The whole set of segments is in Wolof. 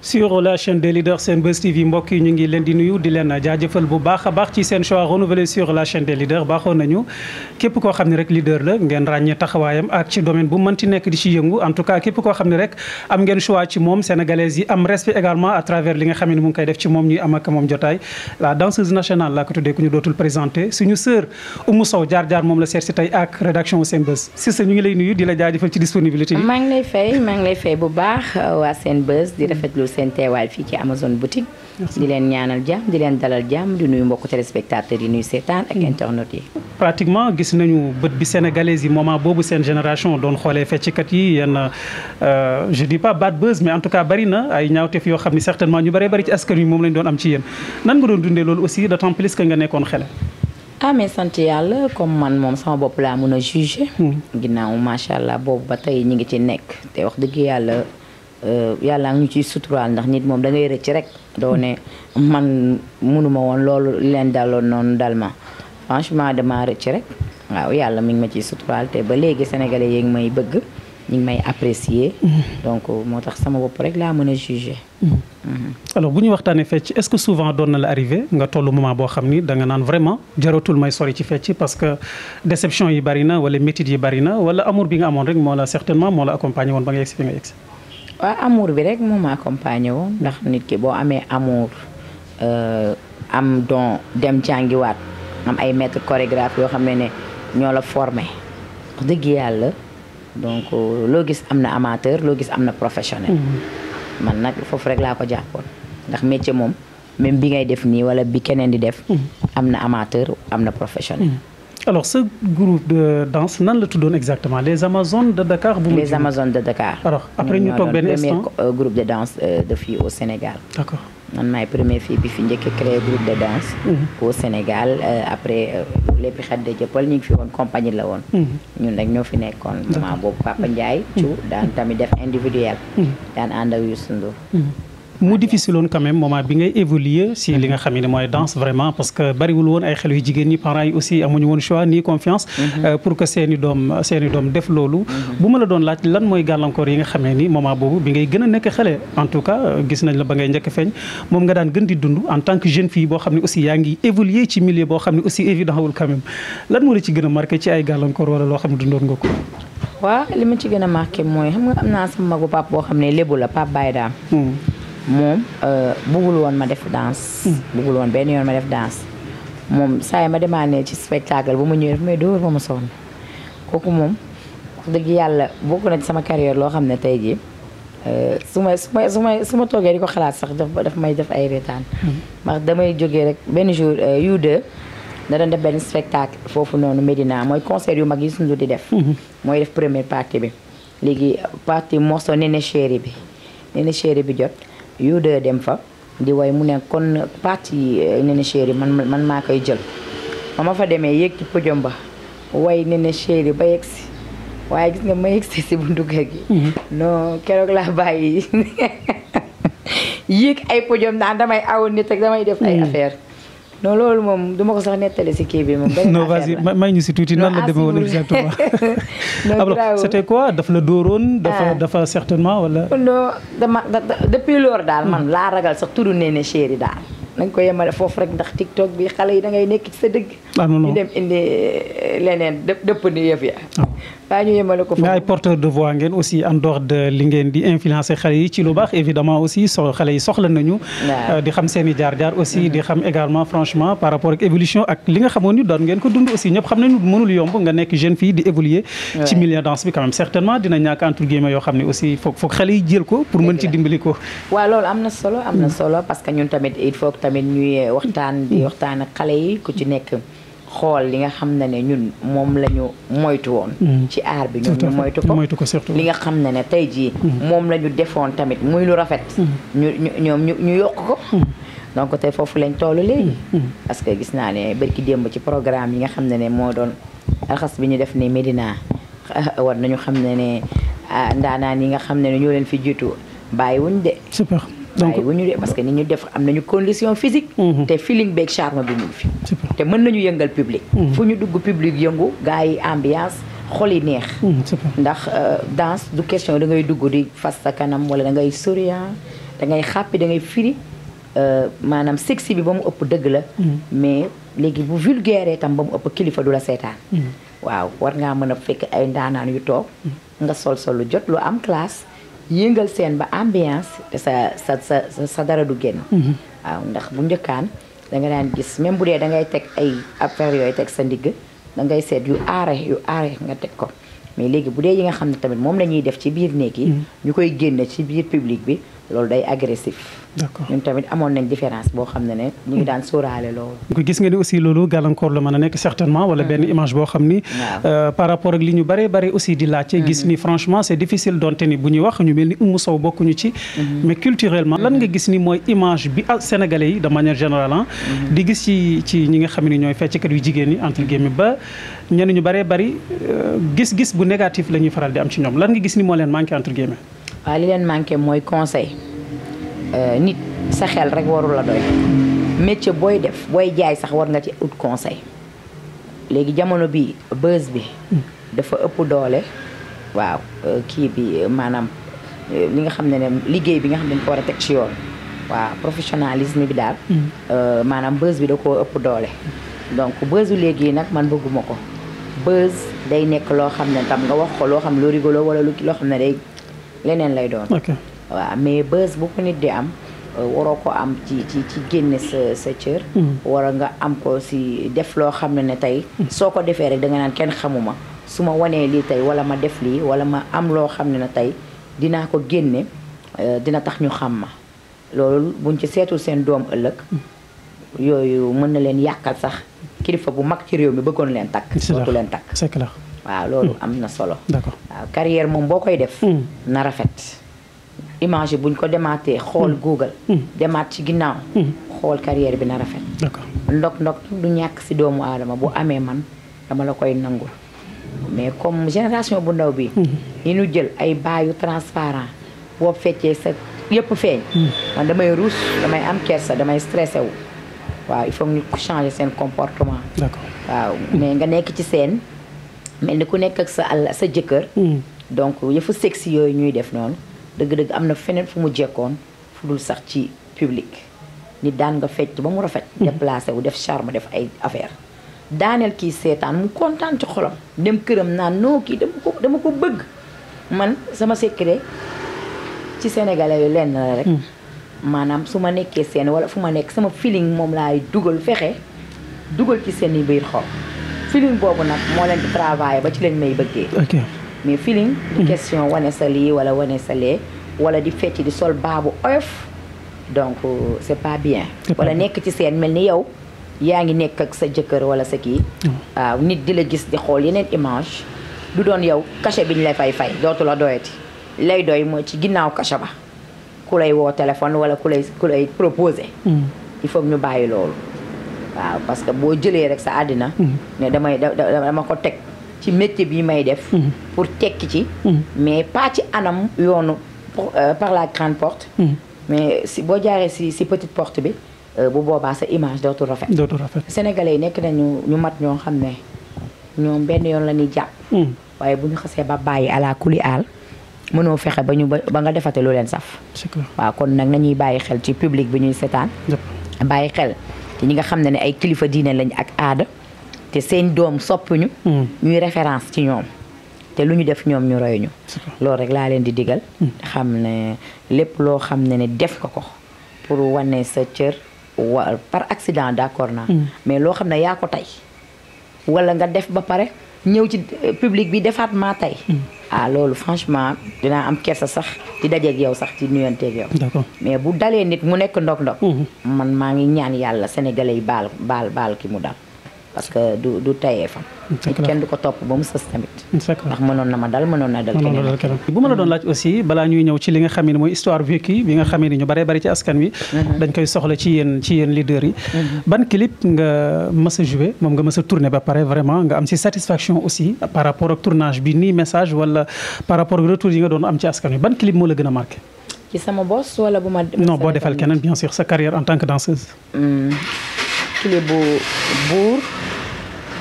sur la chaîne des leaders Senbuzz TV mbokk yi ñu ngi leen di nuyu di leen jaajëfal bu baax a baax ci seen choix renouvelé sur la chaîne des leaders baaxoon nañu képp koo xam ne rek leader la ngeen ràññee taxawaayam ak ci domaine bu mënti nekk di ci yëngu en tout cas képp koo xam ne rek am ngeen choix ci moom sénégalais yi am respect également à travers li nga xam ne mu ngi koy def ci moom ñuy am moom jotaay la danseuse nationale laa ku ñu dootul seen teewaay fii ci Amazone boutique. di leen ñaanal jàmm di leen dalal jàmm di nuyu mbokku téléspectateurs yi nuyu seetaan ak mm. internet yi. pratiquement gis nañu bët bi sénégalais yi moment boobu seen génération doon xoolee feccikat yi yenn euh, je dis pas bad buzz mais en tout cas bari ay ñaawteef yoo xam ne certainement ñu bëree bari ci askan wi moom lañ doon am ci yéen nan doon dundee loolu aussi d'autant plus que nga nekkoon xele. ah mais sant yàlla comme man moom a Euh, yàlla ngi ñu ciy suturaal ndax nit moom da ngay rëcc rek doo ne man mënuma woon loolu leen daloon noonu dal ma franchement dama rëcc rek waaw yàlla mi ngi ma ciy suturaal te ba léegi sénégalais yi ngi may bëgg ñu may apprécier. Mm-hmm. donc moo tax sama bopp rek laa mën a juger. Mm-hmm. Mm-hmm. alors bu ñu waxtaanee fecc est-ce que souvent doon na la arrivé nga tollu moment boo xam ni da nga naan vraiment jaratul may sori ci fecc parce que déception yi bari na wala métit yi bari wala amour bi nga amoon rek moo la certainement moo waaw amour bi rek moom accompagné woon ndax nit ki boo amee amour euh, am don dem jàngiwaat am ay maître chorégraphe yoo xam ne ne ñoo la formé dëgg yàlla donc euh, loo gis am na amateur loo gis am na professionnel mm-hmm. man nag foofu rek laa ko jàppoon ndax métier moom même bi ngay def nii wala bi keneen di def mm-hmm. am na amateur am na professionnel mm-hmm. alors ce groupe de danse nan la tuddoon exactement les Amazones de Dakar. bu les Amazones de Dakar. alors après ñu toog benn instant premier euh, groupe de danse euh, de filles au Sénégal. d'accord man maay première bi fi njëkk créé groupe de danse. Mhm. au Sénégal euh, après lépp xet de jëppal ñu ngi fi woon compagnie la woon. Mhm. ñun nag ñoo fi nekkoon. moment boobu Papa Ndiaye. Mhm. Thiou daan tamit def individuel. daan ànd ak Youssou Ndour mu difficile woon quand même moment bi ngay évoluer si li nga xam mooy danse vraiment parce que bariwul woon ay xel jigéen ñi parents yi aussi amuñu woon choix ni confiance mhm. euh, pour que seen doom def loolu mhm. bu ma la doon laaj lan mooy gàllankoor yi nga xamee ni moment boobu bi ngay gën a nekk xale en tout cas euh, gis nañ la ba ngay njëkk feeñ moom nga daan gën di dund en tant que jeune fille boo xam ne aussi yaa ngi évoluer ci milieu boo xam ne aussi évident a marqué ci ay gàllankoor wala a marqué mooy xam nga am naa sama magu pap boo xam ne moom euh, bëggul woon ma def danse. Hmm. bëggul woon benn yoon ma def dance moom saa yi ma demandé ci spectacle bu ma ñëwee daf may dóor ba ma sonn kooku moom wax dëgg yàlla bokk na sama carrière loo xam ne tey jii euh, su ma su ma su ma su ma toogee di ko xalaat sax daf may def ay reetaan. Hmm. ndax damay jóge rek benn jour euh, u de da def benn spectacle foofu noonu Medina mooy concert yu mag yi Youssou di def. Hmm. mooy def première partie bi léegi partie morceau Néné Chéri bi Néné Chéri bi jot. yu de dem fa di way mu ne kon parti eh, Néné Chéri man man maa koy jël ma ma fa demee yéeg ci podium ba way Néné Chéri ba yegg si waaye gis nga ma yegg si si buntu kër gi mhm. non keroog laa bàyyi yéeg ay podium naan damay aw nit ak damay def ay mhm. affaire non loolu moom du ma ko sax nettali si kii bi moom. non vas-y may ñu si tuuti nan la demee woon exactement. non ah c'était quoi daf la dóoroon. dafa ah. dafa certainement wala. non dama depuis loolu daal man laa ragal sax tudd nee na chéri daal. nañ ko yemale foofu rek ndax tiktok bi xale yi da ngay sa dëgg. ñu ah, dem indi eh, leneen dë dëpp ni yëf ya. Ah. ko foofu. mais ay porteur de voix ngeen aussi en dehors de li ngeen di influencer xale yi ci lu baax évidemment aussi so xale yi soxla nañu. Euh, di xam seen i jaar-jaar aussi di xam également franchement par rapport ak évolution ak li nga xamoon ni doon ngeen ko dund aussi ñëpp xam nañu mënul yomb nga nekk jeune fille di évoluer. ci milieu danse bi quand certainement tamit ñuy waxtaan di hmm. waxtaan ak xale yi ku ci nekk xool li nga xam ne ne ñun moom lañu ñu moytu woon hmm. ci aar bi ñun ñu moytu ko li nga xam ne ne tey jii hmm. moom la ñu defoon tamit muy lu rafet ñu ñoom ñu ñu yokk ko donc tey foofu lañ toll léegi parce que gis naa ne bërki démb ci programme yi nga xam ne ne moo doon raxas bi ñu def ne Médina war nañu xam ne ne ah, ndaanaan yi nga xam ne ne ñoo leen fi jiitu bàyyiwuñ de donc waaye wu ñu de parce que ni ñu def am nañu condition physique. Mhm. te feeling beeg charme bi mu ngi fi. te mën nañu yëngal public. Mhm. fu ñu dugg public yëngu gars yi ambiance xol yi neex. Mhm, ndax euh, danse du question da ngay dugg di fas sa kanam wala da ngay souriant da ngay xàppi da ngay firi euh, maanaam sexy bi ba mu ëpp dëgg la. mais léegi bu vulgaire itam ba mu ëpp kilifa du la seetaan. waaw war ngaa mën a fekk ay ndaanaan yu toog. nga sol sol lu jot lu am classe. yëngal seen ba ambiance te sa sa sa sa dara du génn. Mhm. waaw ndax bu njëkkaan da nga daan gis même bu dee da ngay teg ay affaire yooyu teg sa ndigg da ngay seet yu aare yu aare nga teg ko mais léegi bu dee yi nga xam ne tamit moom la ñuy def ci biir néeg yi. Mhm. ñu koy génne ci biir public bi. loolu day agressif. d'accord ñun tamit amoon nañ différence boo xam ne ne. ñu ngi daan sóoraale loolu. gis nga ni aussi loolu gàllankoor la mën a nekk certainement wala mm-hmm. benn image boo xam ni. Euh, par rapport ak li ñu bare bare aussi di laajte. Mm-hmm. gis ni franchement c'est difficile bu ñuy wax ñu mel ni Oumou Sow bokkuñu ci. Mm-hmm. mais culturellement lan nga gis ni mooy image bi ak sénégalais yi de manière générale di gis ci ci ñi nga xam ni ñooy fecckat yu jigéen ñi entre guillemets ba ñenn ñu bare bari euh, gis-gis bu négatif la ñuy faral di am ci ñoom lan nga gis ni moo leen manqué entre guillemets. waa li leen manqué mooy conseil euh, nit sa xel rek warul doy métier booy def booy jaay sax war nga ci ut conseil léegi jamono bi buzz bi dafa ëpp doole waaw euh, kii bi euh, maanaam li nga xam ne ne liggéey bi nga xam ne ko war a teg ci yoon waaw professionnalisme bi daal mm. maanaam buzz bi da koo ëpp doole donc buzz léegi nag man bëgguma ko buzz day nekk loo xam ne tam nga wax ko loo xam lu rigolo wala lu loo xam ne day leneen lay doon waaw mais bës bu ko nit di am euh, waroo ko am ci ci ci génne sa sa cër mm-hmm. wara nga am ko si def loo xam ne ne tey mm-hmm. soo ko defee rek da naan kenn xamuma su ma wanee lii tey wala ma def lii wala ma am loo xam ne na tey dinaa ko génne euh, dina tax ñu xam ma loolu buñ ci seetul seen doom ëllëg mm-hmm. yooyu mën na leen yàqal sax kilifa bu mag ci réew mi bëggoon leen takk dootu leen takk c'est waaw loolu am na solo. d'accord waaw carrière moom boo koy def. Hmm. na rafet. image buñ ko demaatee xool hmm. Google. Hmm. demaat ci ginnaaw. xool carrière bi na rafet. d'accord ndok ndok du ñàkk si doomu aadama bu amee man dama la koy nangul mais comme génération bu ndaw bi ñi ñu jël ay baayu transparent boo feccee sa yëpp feeñ. man damay ruus damay am sa damay stressé wu. waaw il faut ñu changer seen comportement. waaw mais nga nekk ci seen. mel ni ku nekk ak sa àll sa jëkkër. Mm. donc yëfu sexy yooyu ñuy def noonu dëgg-dëgg am na feneen fu mu jekkoon fu dul sax ci public. ni daan nga fecc ba mu rafet. Mm. déplacé wu def charme def ay affaire daaneel kii seetaan mu kontaan ci xolam. dem këram naan noo kii dama ko bëgg man sama secret ci sénégalais yu lenn la rek. Mm. maanaam su ma nekkee seen wala fu ma nekk sama feeling moom laay dugal fexe dugal ci seen i biir xol. feeling boobu nag moo leen di ba ci leen may bëggee. ok mais feeling. du mhm. question wane sa lii wala wane sa lee wala di fecc di sol baabu oyof donc euh, c' est pas bien. wala nekk ci seen mel ni yow yaa ngi nekk ak sa jëkkër wala sa kii. waaw mhm. ah, nit di la gis di xool yeneen image du doon yow cachet bi ñu lay fay fay dootu la doyati lay doy mooy ci ginnaaw cachet ba ku lay woo téléphone wala ku lay ku lay proposé. Mhm. il faut ñu bàyyi loolu. waaw parce que boo jëlee rek sa àddina mhm. ne damay dama ko teg ci métier bi may def mhm. pour tekki ci mhm. mais pas ci anam yoonu euh, par la grande porte mais si boo jaaree si si petite porte bi euh, bu boobaa sa image dootul rafet dootul rafet sénégalais yi nekk nañu ñu mat ñoo xam ne ñoom benn yoon la ñuy jàpp waaye bu ñu xasee ba bàyyi ala kuli aal mënoo fexe ba ñu ba nga defate lu leen saf waaw kon nag nañuy bàyyi xel ci public bi ñuy seetaan bàyyi xel ñi nga xam ne ne ay kilifa diine lañ ak aada te seen doom soppuñu mm. ñuy référence ci ñoom te lu ñu def ñoom ñu roy ñu loolu rek laa leen di digal mm. xam ne lépp loo xam ne ne def ko ko pour wane sa cër wa par accident d'accord naa mm. mais loo xam ne yaa ko tey wala nga def ba pare ñëw ci public bi defaat maa tey ah loolu franchement dinaa am kersa sax di dajeeg yow sax ci nuyanteeg yow. mais bu dalee nit mu nekk ndok-ndok. Mhm. man maa ngi ñaan yàlla sénégalais yi baal baal baal ki mu dal. parce que du du tayee fam kenn du ko topp ba mu sës tamit ndax mënoon na ma dal mënoon na dal keneen bu ma la doon laaj aussi balaa ñuy ñëw ci li nga xam ne mooy histoire vécue bi nga xam ne ñu baree bari ci askan wi mhm. dañ koy soxla ci yéen ci yi mhm. ban clip nga mës a moom nga mës a tourné ba pare vraiment nga am si satisfaction aussi par rapport ak tournage bi nii message wala par rapport ak retour doon am ci askan wi ban clip moo la gën a marqué ci sama boss wala bu ma defal keneen bien sûr sa carrière en tant que danseuse hmm. clip bu buur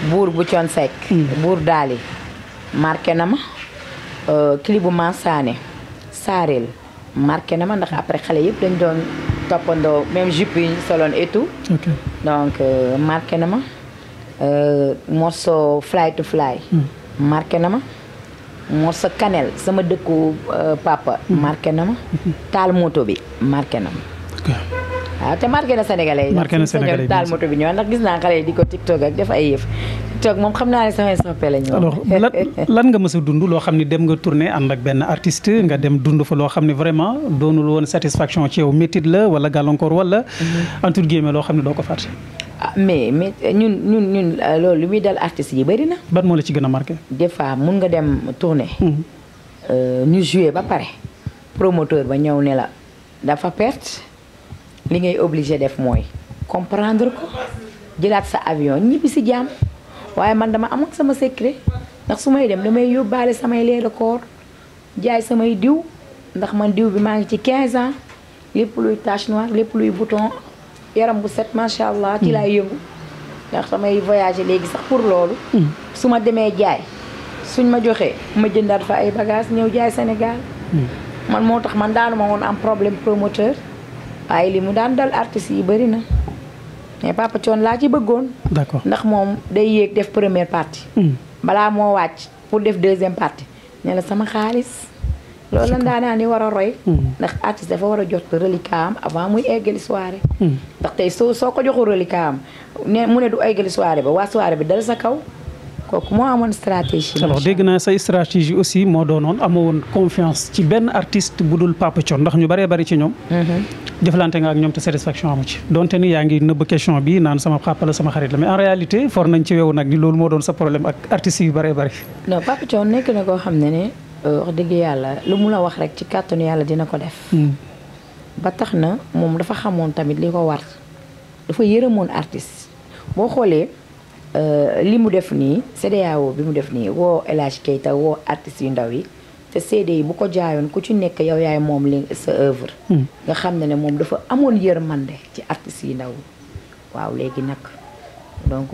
buur bu Thione Seck hmm. buur daali marqué na ma euh, clip bu Mansané saareel marqué na ma ndax après xale yëpp dañ doon toppandoo même jupe yi ñu soloon et donc euh, marqué na ma euh, morceau fly to fly hmm. marqué na ma morceau kanel sama dëkku papa hmm. marqué na ma taal moto bi marqué na ma waaw ah, te marqué na sénégalais yi. marqué na sénégalais yi daal moto bi ñëw ndax gis naa xale yi di ko tiktok ak def ay yëf. tiktok moom xam naa ne samay soppe la ñu. alors lan lan nga mës a dund loo xam ne dem nga tourné ak benn artiste nga dem dund fa loo xam ne vraiment doonul woon satisfaction ci yow métit la wala gàllankoor wala. Mhm. entre guillemets loo xam ne doo ko fàtte. ah mais mais euh, ñun ñun ñun euh, loolu lu muy dal artistes yi bëri na. ban moo la ci gën a marqué. des fois mun nga dem tourné. Mhm. Euh, ñu joué ba pare promoteur ba ñëw ne la dafa perte. li ngay obligé def mooy comprendre ko jëlaat sa avion ñibbi si jàmm waaye man dama am sama secret ndax su may dem damay yóbbaale samay leer koor jaay samay diw ndax man diw bi maa ngi ci 15 ans lépp luy tache noire lépp luy bouton yaram bu set macha allah ci laay yëngu ndax samay voyager léegi sax pour loolu. Hmm. su ma demee jaay suñ ma joxee ma jëndaat fa ay bagages ñëw jaay Sénégal. Hmm. man moo tax man daanu ma woon am problème promoteur. waaye li mu daan dal artistes yi bëri na mais Papa laa ci bëggoon. d'accord ndax moom day yéeg def première partie. Hmm. balaa moo wàcc pour def deuxième partie ne la sama xaalis. loolu la daan naa ni war a roy. Hmm. ndax artiste dafa war a jot reliquat am avant muy eggali soirée. Hmm. ndax tey soo soo ko joxul reliquat am ne mu ne du eggali soirée ba waa soirée bi dal sa kaw. kooku moo amoon stratégie. alors dégg naa say stratégie aussi moo doonoon amoo woon confiance ci benn artiste bu dul Pape Thion ndax ñu bëree bari ci ñoom. Mhm. jëflante nga ak ñoom te satisfaction amu ci. donte ni yaa ngi nëbb question bi naan sama papa la sama xarit la mais en réalité for nañ ci wewu nag loolu moo doon sa problème ak artistes yu bëree bëri. non Pape Thion nekk na koo xam ne ne euh, wax dëgg yàlla lu mu la wax rek ci kàttanu yàlla dina ko def. Hmm. ba tax na moom dafa xamoon tamit li ko war dafa yërëmoon artiste boo xoolee. Euh, li mu def nii CEDEAO bi mu def nii woo El Hadj Keita woo artistes yu ndaw yi te CD yi bu ko jaayoon ku ci nekk yow yaay moom li sa œuvre. Hmm. nga xam ne ne moom dafa amoon yër man de ci artistes yu ndaw waaw léegi nag donc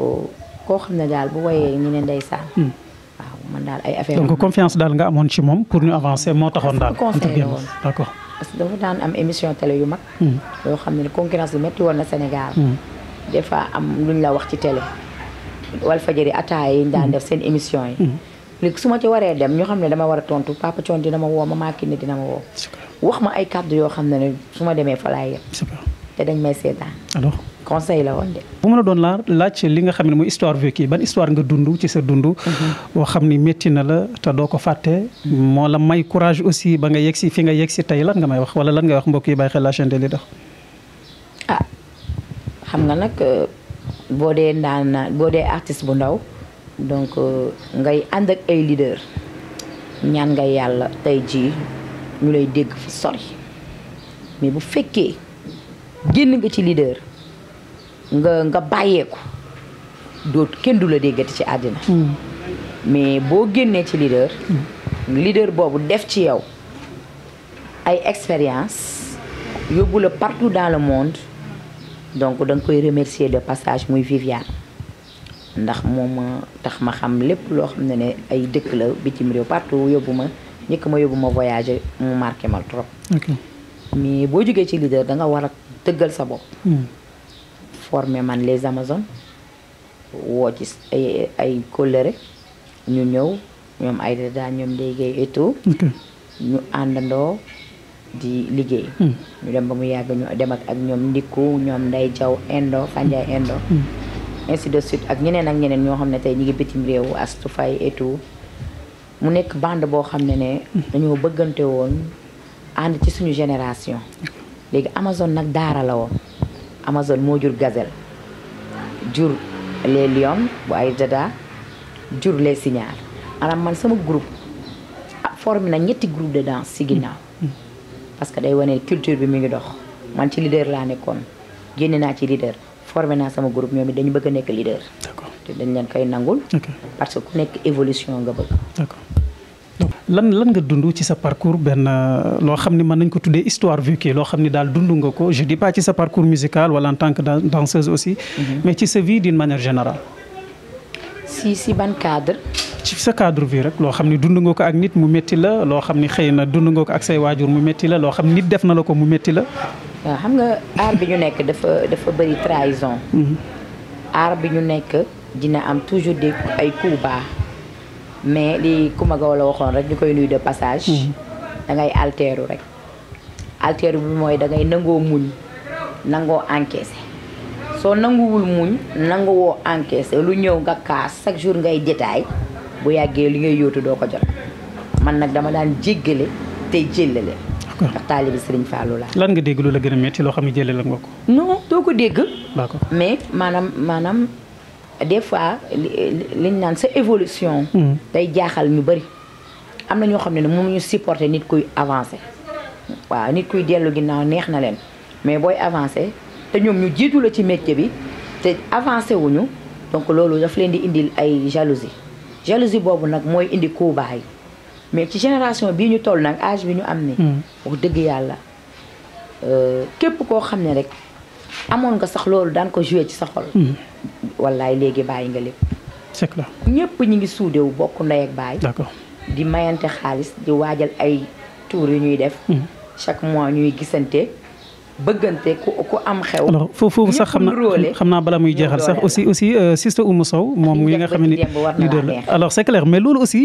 koo xam ne daal bu woyee ñu ne ndeysaan. Hmm. waaw man daal ay affaire donc confiance daal nga amoon ci moom pour ñu avancer moo taxoon daal. d'accord parce que dafa daan am émission télé yu mag. Hmm. yoo xam ne concurrence bi métti woon na Sénégal. des fois am luñ la wax ci télé. Walfadjri ataaya yi ñu daan def seen émission yi mhm. léegi su ma ci waree dem ñu xam ne dama war a tontu papa Thion dina ma woo ma maaki ne dina ma woo wax ma ay kàddu yoo xam ne ne su ma demee fa laay yem te dañ may seetaan alors conseil la woon de bu ma la doon laa laaj li nga xam ne mooy histoire kii ban histoire nga dund ci sa dund mhm. boo xam ni métti na la te doo ko fàtte moo la may courage aussi ba nga yegg si fi nga yegg si tey lan nga may wax wala lan ngay wax mbokk yi bàyyi xel la de li dox ah, boo dee ndaanaan boo dee artiste bu ndaw donc euh, ngay ànd ak ay leader ñaan nga yàlla tey jii ñu lay dégg fu sori mais bu fekkee génn nga ci leader nga nga bàyyeeku doot kenn du la déggati ci àddina hmm. mais boo génnee ci leader hmm. leader boobu def ci yow ay expérience yóbbu la partout dans le monde donc da koy remercier de passage muy Viviane ndax moom tax ma xam lépp loo xam ne ne ay dëkk la bitim réew partout yóbbu ma ñëkk ma yóbbu ma mu marqué mal trop. mais boo jógee ci leader da nga war a tëggal sa bopp. Hmm. former man les Amazones woo ci ay ay colère ñu ñëw ñoom ay dada ñoom léegi et ñu àndandoo. di liggéey hmm. ñu dem ba mu yàgg ñu dem ak ak ñoom ndikku ñoom day jaw indo fanjaay indo hmm. ainsi de suite ak ñeneen ak ñeneen ñoo xam ne tey ñi ngi bitim réew Astou Faye et mu nekk band boo xam ne ne hmm. dañoo bëggante woon ànd ci suñu génération léegi Amazon nag daara la woon Amazon moo jur gazel jur les lions bu ay dada jur les signaar maanaam man sama groupe ah, formé na ñetti groupe de danse si ginnaaw parce que day wane culture bi mu ngi dox man ci leader laa nekkoon génne naa ci leader formé naa sama groupe ñoom it dañu bëgg a nekk leader. d'accord te dañ leen lan lan nga dund ci sa parcours benn loo xam ni mën nañ ko tuddee histoire vécue loo xam ni daal dund nga ko je dis pas ci sa parcours musical wala en tant que danseuse aussi. Mm-hmm. mais ci sa vie d'une manière générale. si si ban cadre. ci sa cadre vie rek loo xam ne dund nga ko ak nit mu métti la loo xam ni xëy na dund nga ko ak say waajur mu métti la loo xam nit def na la ko mu métti la. waaw xam nga aar bi ñu nekk dafa dafa bëri trahison. Mhm. aar bi ñu nekk dina am toujours de ay coups mais li ku ma waxoon rek ñu koy nuyu de passage. Mhm. da ngay altéeru rek. altéeru bi mooy da ngay nangoo muñ nangoo encaissé soo nanguwul muñ nangoo encaissé lu ñëw nga kaas chaque jour ngay détail bu yàggee li ngay yóotu doo ko jot man nag dama daan jéggale tey jëllale ndax taalibi Sëriñ Fallou laa lan nga dégg lu la gën a métti loo xam ne jëlle la nga ko non doo ko dégg d'accord mais maanaam maanaam des fois liñ naan sa évolution hmm. day jaaxal ñu bëri am na ñoo xam ne ne mënuñu supporter nit kuy avancer waaw nit kuy dellu ginnaaw neex na leen mais booy avancer te ñoom ñu jiitu la ci métier bi te avancer wuñu donc loolu daf leen di indil ay jalousie jalousie boobu nag mooy indi ku kuubaay mais ci génération bii ñu toll nag âge bi ñu am ni hmm. wax dëgg yàlla euh, képp koo xam ne rek amoon nga sax loolu daan ko joué ci sa xol hmm. wallaay léegi bàyyi nga lépp c'est clair ñëpp ñi ngi suudewu bokk ndey ak baay d'accord di mayante xaalis di waajal ay tour yu ñuy def hmm. chaque mois ñuy gisante bëggante ku ku am xew. alors foofu sax xam naa bala muy jeexal sax aussi aussi euh, sister Oumou moom yi nga xam ne leader la alors c' est mais loolu aussi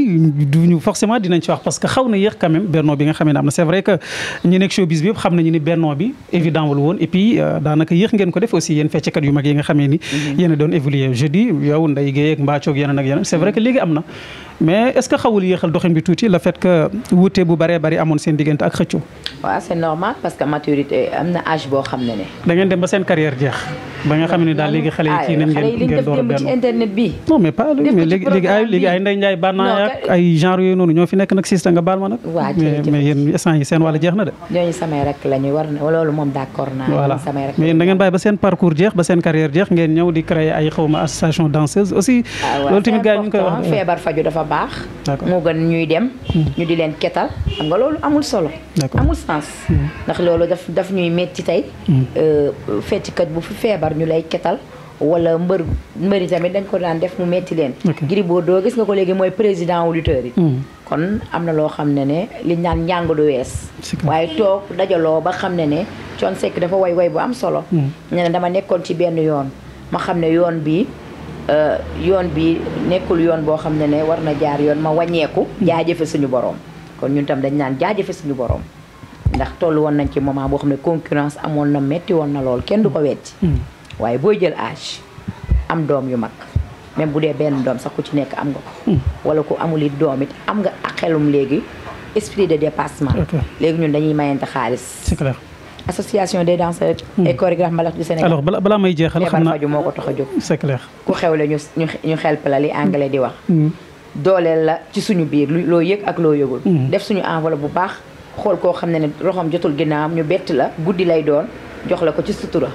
duñu forcément dinañ ci parce que xaw na yéex quand même nga xam ne am na c' vrai que ñu nekk showbiz bi yëpp xam nañu ni bennoo évident wul woon et puis euh, daanaka yéex ngeen ko def aussi yéen feccikat yu mag yi xamee ni mhm. yéen doon évoluer je yow Ndeye Guèye ak Mbathio yeneen ak yeneen benn âge dem ba seen carrière jeex. ba nga xam ne daal léegi xale yi ci nan ngeen ngeen a ci internet bi. mais pas mais léegi ay léegi ay baal naa ak ay genre yooyu noonu ñoo fi nekk nag sista nga baal ma nag. mais mais yéen instant ba seen parcours jeex ba seen carrière jeex ngeen ñëw di créer ay xawma association danseuse aussi. Ah loolu tamit gars yi koy wax feebar faju dafa baax. d'accord gën ñuy dem. Hmm. ñu di leen ketal xam nga loolu amul solo. ci tey. Mm. Euh, feccikat bu fi feebar ñu lay ketal. wala mbër mbëri tamit dañ ko daan def mu metti leen. Gris doo gis nga ko léegi mooy président wu lutteur yi. Mm. kon am na loo xam ne ne li naan njàng du wees. waaye toog dajaloo ba xam ne ne Thione Seck dafa woy woy bu am solo. Mm. ne ne dama nekkoon ci benn yoon ma xam ne yoon bi euh, yoon bi nekkul yoon boo xam ne ne war na jaar yoon ma wàññeeku. jaajëfe suñu borom kon ñun tam dañ naan jaajëfe suñu borom. ndax toll woon nañ ci moment boo xam ne concurrence amoon na metti woon na lool kenn du ko wetti hmm. waaye booy jël âge am doom yu mag même bu dee benn doom sax ku ci nekk am nga ko hmm. wala ku amul it doom it am nga xelum léegi esprit de dépassement léegi ñun dañuy mayante xaalis c'est clair association des danseurs et hmm. chorégraphes mbalax du Sénégal alors balaa may jeexal xam naa faju moo ko tax a jóg c'est clair ku xewle ñu ñu xelp la li anglais di wax dooleel la ci suñu biir loo yëg ak loo yëgul def suñu enveloppe bu baax xool koo xam ne ne roxam jotul am ñu bett la guddi lay doon jox la ko ci sutura.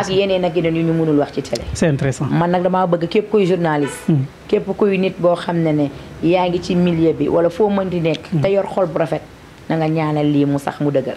ak yeneen ak yeneen yu ñu mënul wax ci télé. c'est man nag damaa bëgg képp kuy journaliste. Hmm. képp kuy nit boo xam ne ne yaa ngi ci millier bi wala foo mën di nekk. Hmm. te yor xol bu rafet na nga ñaanal lii mu sax mu dëgër.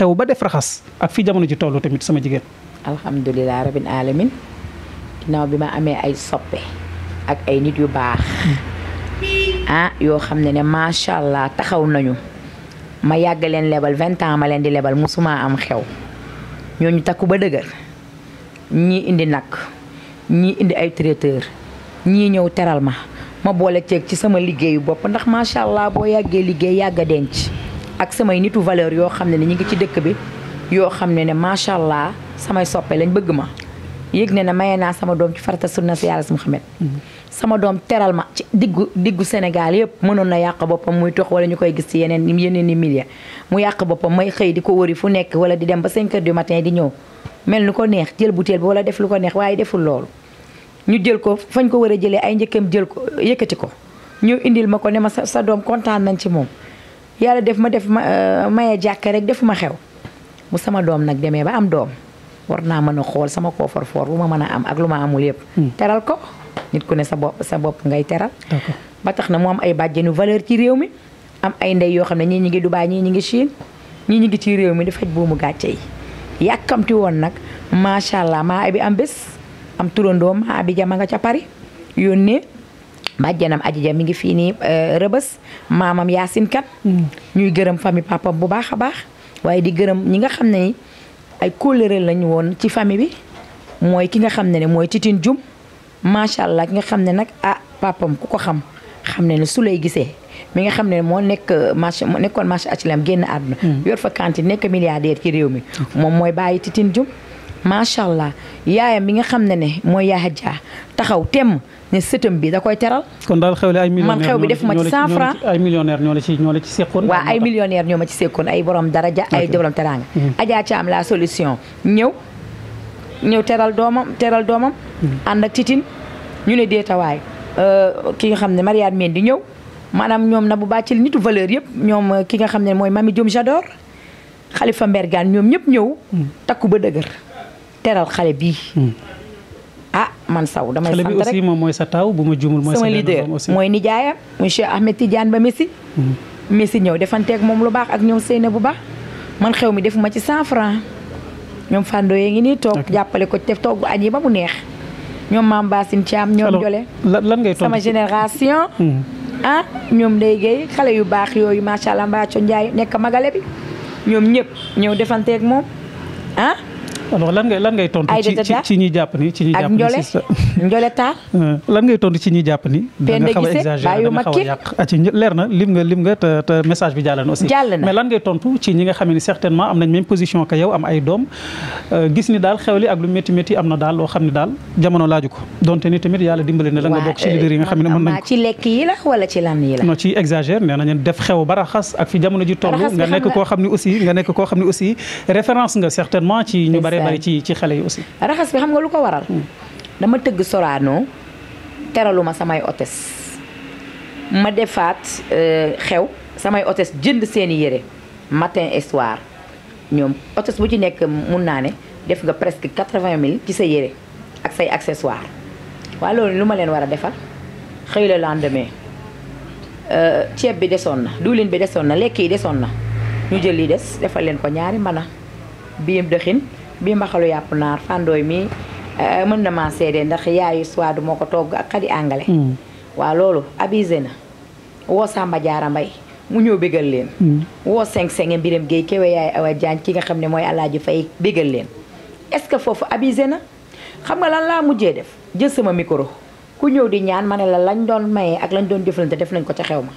xew ba def raxas ak fi jamono ji toll tamit sama jigéen. alhamdulilah rabbil alamin ginnaaw bi ma amee ay soppe ak ay nit yu baax ah yoo xam ne ne macha allah taxaw nañu ma yàgg leen lebal vingt ans ma leen di lebal musuma am xew ñoo ñooñu takku ba dëgër ñii indi nag ñii indi ay traiteur ñii ñëw teral ma ma boole ceeg ci sama liggéeyu bopp ndax macha allah boo yàggee liggéey yàgg a denc. ak samay nitu valeur yoo xam ne ne ñu ngi ci dëkk bi yoo xam ne ne macha allah samay soppe lañ bëgg ma yëg ne ne maye naa sama doom ci farata sunna si yàlla Muhammad mm-hmm. sama doom teral ma ci diggu diggu Sénégal yëpp mënoon na yàq boppam muy tox wala ñu koy gis ci yeneen yeneen i milliers mu yàq boppam may xëy di ko wëri fu nekk wala di dem ba 5 heures du matin di ñëw mel nu ko neex jël butéel bi wala def lu ko neex waaye deful loolu ñu jël ko fañ ko war a jëlee ay njëkkam jël ko yëkkati ko ñu indil ma ko ne ma sa doom kontaan nañ ci moom yàlla def ma def ma euh, maye jàkka rek defuma xew bu sama doom nag demee ba am doom war naa mën a xool sama koofar foor lu ma mën a am ak lu ma amul yëpp. Hmm. teral ko nit ku ne sa bopp sa bopp ngay teral. ba tax na mu ay bàjjenu valeur ci réew mi am ay ndey yoo xam ne ñii ñu ngi Dubaay ñii ñu ngi Chine ñii ñu ngi ci réew mi di faj buumu gàcce yi yàkkamti woon nag macha allah maa abi am bés am turandoo maa abi jama nga ca Paris yónnee. bàjjanam Adji Dia mi ngi fii nii euh, rëbës maamam Yacine Kane ñuy gërëm famille papam bu baax a baax waaye di gërëm ñi nga xam ne ni ay kóllëre lañu woon ci famille bi mooy ki nga xam ne ne mooy titin jum macha allah ki nga xam ne nag ah papam ku ko xam xam ne ni su lay gisee mi nga xam ne moo nekk euh, marché nekkoon marché HLM génn àdduna hmm. yor fa kanti nekk milliardaire ci réew mi moom mooy bàyyi titin jum macha allah yaayam bi nga xam ne ne mooy yaay Adja taxaw temm ne sëtam bii da koy teral. kon daal xew la ay millionnaire def ma ci cent francs ay millionnaire ñoo la ci ñoo la sekkoon. waaw ay millionnaire ñoo ma ci sekkoon ay borom daraja ay borom teraanga. Mhm. Adja ci am la solution ñëw ñëw teral doomam teral doomam. Mhm. ànd ak titin ñu ne deetawaay euh, ki nga xam ne Mariane Meen di ñëw maanaam ñoom na bu bàccil nitu valeur yëpp ñoom ki nga xam ne mooy Mami Diom Jador Khalifa Mbergane ñoom ñëpp ñëw mhm. takku ba dëgër. teral xale bii. Hmm. a ah, man saw damay sant rek xale bi moom mooy sa taw bu ma juumul. mooy sa leader mooy nijaayam monsieur Ahmed Tidiane ba Messi. Hmm. Messi ñëw defanteeg moom lu baax ak ñoom Seyna bu baax man xew mi defuma ci cent franc ñoom Fando yee ngi nii toog jàppale ko def togg añ yi ba mu neex. ñoom maam Bassine Thiam ñoom Jole. lan ngay sama génération. Hmm. ah ñoom day géey xale yu baax yooyu macha allah Mbacco Ndiaye nekk magale bi ñoom ñëpp ñëw defanteeg moom ah. alors lan ngay lan ngay tontu. ci ci ñi jàpp ni ci ñi jàpp ni. Euh, ngay tontu ci ñi jàpp a exagéré da nga xaw a yàq ah, ci leer na lim nga na aussi. jàll mais lan ngay tontu ci ñi nga xam certainement am nañ même position que yow am ay doom euh, gis ni daal xewli ak lu métti métti am na daal loo xam ne daal jamono laaju ko donte ni tamit yàlla dimbali na la nga bokk euh, ci lekk yi la wala ci lan yi la. def xew ba raxas ak fi jamono ji nga nekk koo xam ne aussi nga nekk koo xam ne aussi référence nga certainement ci ñu bare bëree ci ci xale yi aussi. raxas bi xam nga lu ko waral. Hmm. dama tëgg Sorano teraluma samay hôtesse ma defaat euh, xew samay hôtesse jënd seeni yére matin et ñoom hôtesse bu ci nekk mun naa ne def nga presque quatre-vingt mille ci sa yére ak say accessoire waaye lu ma leen war a defal xëy la lendemain euh, ceeb bi desoon na diwlin bi desoon na lekk yi desoon na ñu jël li des defal leen ko ñaari mën a dëxin bii mbaxalu yàpp naar fandooy mi eh, mën na maa seede ndax yaayu suwaadu moo ko togg ak xadi àngale mm. waaw loolu abusé na woo Samba Jaara Mbay mu ñëw bégal leen mm. woo seng-senge mbiram géey kewe yaay Awa Jaañ ki nga xam ne mooy Alaaji Fay bégal leen est-ce que foofu abusé na xam nga lan laa mujjee def jël sama micro ku ñëw di ñaan ma ne la lañ doon maye ak lañ doon jëflante def nañ ko ca xew ma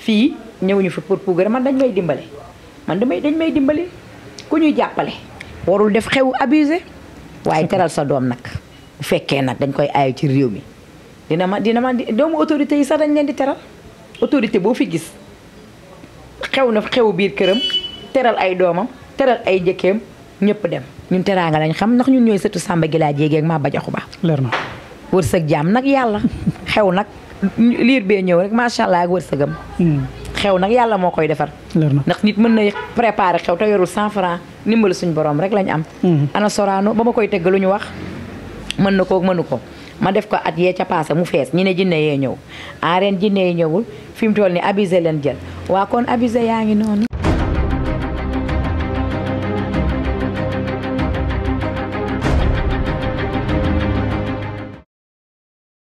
fii ñëwuñu fi pour pour man dañ may dimbale man damay dañ may jàppale warul def xew abusé waaye teral sa doom nag bu fekkee nag dañ koy aayu ci réew mi dina ma dina ma doomu autorité yi sax dañ leen di teral autorité boo fi gis xew na xew biir këram teral ay doomam teral ay njëkkeem ñëpp dem ñun teraa nga lañ xam ndax ñun ñooy sëtu Samba Gila Jéege ak Maba Jaxu Ba leer na wërsëg jaam nag yàlla xew nag liir bee ñëw rek macha allah ak wërsëgam hmm. xew nag yàlla moo koy defar ndax nit mën na préparer xew te yorul cent franc ndimbal suñ borom rek lañ am mm-hmm. ana soraano ba ma koy tëgg lu ñu wax mën na koo mënu ko ma def ko at yee ca paase mu fees ñi ne jinne yee ñëw a ren jinne yi ñëwul fi mu toll ni abusé leen jël waa kon abusé yaa ngi noonu